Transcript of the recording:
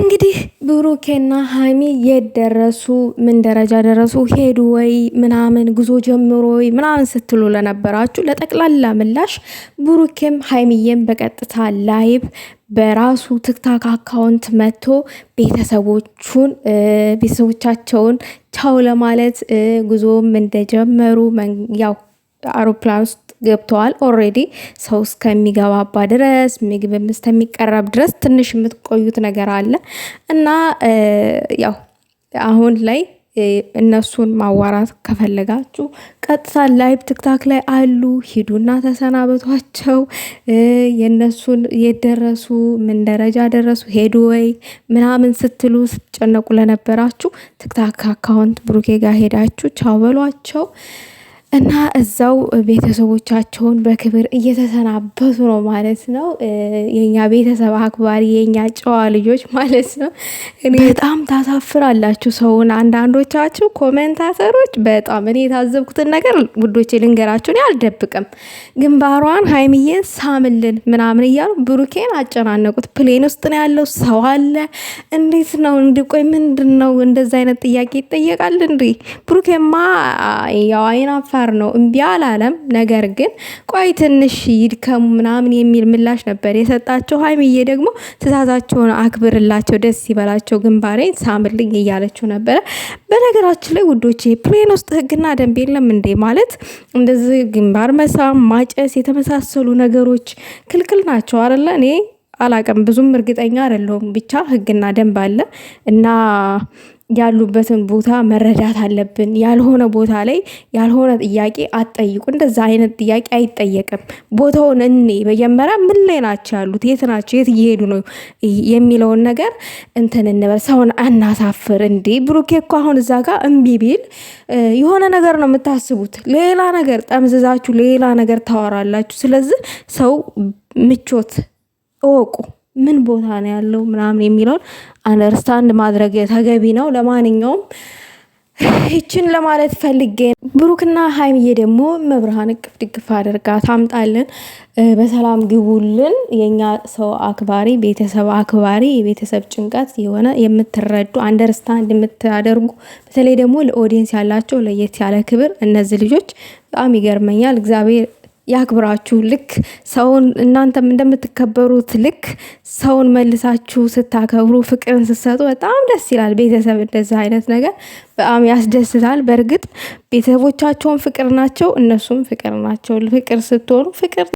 እንግዲህ ብሩኬና ሀይሚ የት ደረሱ? ምን ደረጃ ደረሱ? ሄዱ ወይ ምናምን ጉዞ ጀምሮ ወይ ምናምን ስትሉ ለነበራችሁ ለጠቅላላ ምላሽ ብሩኬም ሀይሚዬም በቀጥታ ላይቭ በራሱ ትክታክ አካውንት መጥቶ ቤተሰቦቹን ቤተሰቦቻቸውን ቻው ለማለት ጉዞም እንደጀመሩ ያው አውሮፕላን ውስጥ ገብተዋል። ኦሬዲ ሰው እስከሚገባባ ድረስ ምግብ እስከሚቀረብ ድረስ ትንሽ የምትቆዩት ነገር አለ እና ያው አሁን ላይ እነሱን ማዋራት ከፈለጋችሁ ቀጥታ ላይቭ ትክታክ ላይ አሉ። ሂዱና ተሰናበቷቸው። የእነሱን የደረሱ ምን ደረጃ ደረሱ ሄዱ ወይ ምናምን ስትሉ ስትጨነቁ ለነበራችሁ ትክታክ አካውንት ብሩኬ ጋር ሄዳችሁ ቻው በሏቸው። እና እዛው ቤተሰቦቻቸውን በክብር እየተሰናበቱ ነው ማለት ነው። የኛ ቤተሰብ አክባሪ የኛ ጨዋ ልጆች ማለት ነው። በጣም ታሳፍራላችሁ ሰውን አንዳንዶቻችሁ ኮመንታተሮች በጣም እኔ የታዘብኩትን ነገር ውዶቼ ልንገራችሁን አልደብቅም። ግንባሯን ሀይሚዬን ሳምልን ምናምን እያሉ ብሩኬን አጨናነቁት። ፕሌን ውስጥ ነው ያለው ሰው አለ። እንዴት ነው እንዲቆይ ምንድን ነው እንደዚ አይነት ጥያቄ ይጠየቃል እንዴ? ብሩኬማ ያው ዶላር ነው እምቢ አላለም። ነገር ግን ቆይ ትንሽ ይድከሙ ምናምን የሚል ምላሽ ነበር የሰጣቸው። ሀይሚዬ ደግሞ ትእዛዛቸውን አክብርላቸው፣ ደስ ይበላቸው፣ ግንባሬን ሳምልኝ እያለችው ነበረ። በነገራችን ላይ ውዶቼ ፕሌን ውስጥ ህግና ደንብ የለም እንዴ? ማለት እንደዚህ ግንባር መሳም፣ ማጨስ የተመሳሰሉ ነገሮች ክልክል ናቸው አለ እኔ አላቀም ብዙም እርግጠኛ አይደለሁም። ብቻ ህግና ደንብ አለ እና ያሉበትን ቦታ መረዳት አለብን። ያልሆነ ቦታ ላይ ያልሆነ ጥያቄ አትጠይቁ። እንደዛ አይነት ጥያቄ አይጠየቅም። ቦታውን እኔ መጀመሪያ ምን ላይ ናቸው ያሉት፣ የት ናቸው፣ የት እየሄዱ ነው የሚለውን ነገር እንትን እንበል። ሰውን አናሳፍር። እንዴ ብሩኬ እኮ አሁን እዛ ጋር እምቢ ቢል የሆነ ነገር ነው የምታስቡት። ሌላ ነገር ጠምዝዛችሁ ሌላ ነገር ታወራላችሁ። ስለዚህ ሰው ምቾት እወቁ። ምን ቦታ ነው ያለው ምናምን የሚለውን አንደርስታንድ ማድረግ ተገቢ ነው። ለማንኛውም ይችን ለማለት ፈልጌ ብሩክና ሀይምዬ ደግሞ መብርሃን እቅፍ ድግፍ አድርጋ ታምጣልን፣ በሰላም ግቡልን። የኛ ሰው አክባሪ፣ ቤተሰብ አክባሪ፣ የቤተሰብ ጭንቀት የሆነ የምትረዱ አንደርስታንድ የምታደርጉ በተለይ ደግሞ ለኦዲየንስ ያላቸው ለየት ያለ ክብር እነዚህ ልጆች በጣም ይገርመኛል እግዚአብሔር ያክብራችሁ። ልክ ሰውን እናንተም እንደምትከበሩት ልክ ሰውን መልሳችሁ ስታከብሩ፣ ፍቅርን ስትሰጡ በጣም ደስ ይላል። ቤተሰብ እንደዚህ አይነት ነገር በጣም ያስደስታል። በእርግጥ ቤተሰቦቻቸውን ፍቅር ናቸው፣ እነሱም ፍቅር ናቸው። ፍቅር ስትሆኑ ፍቅር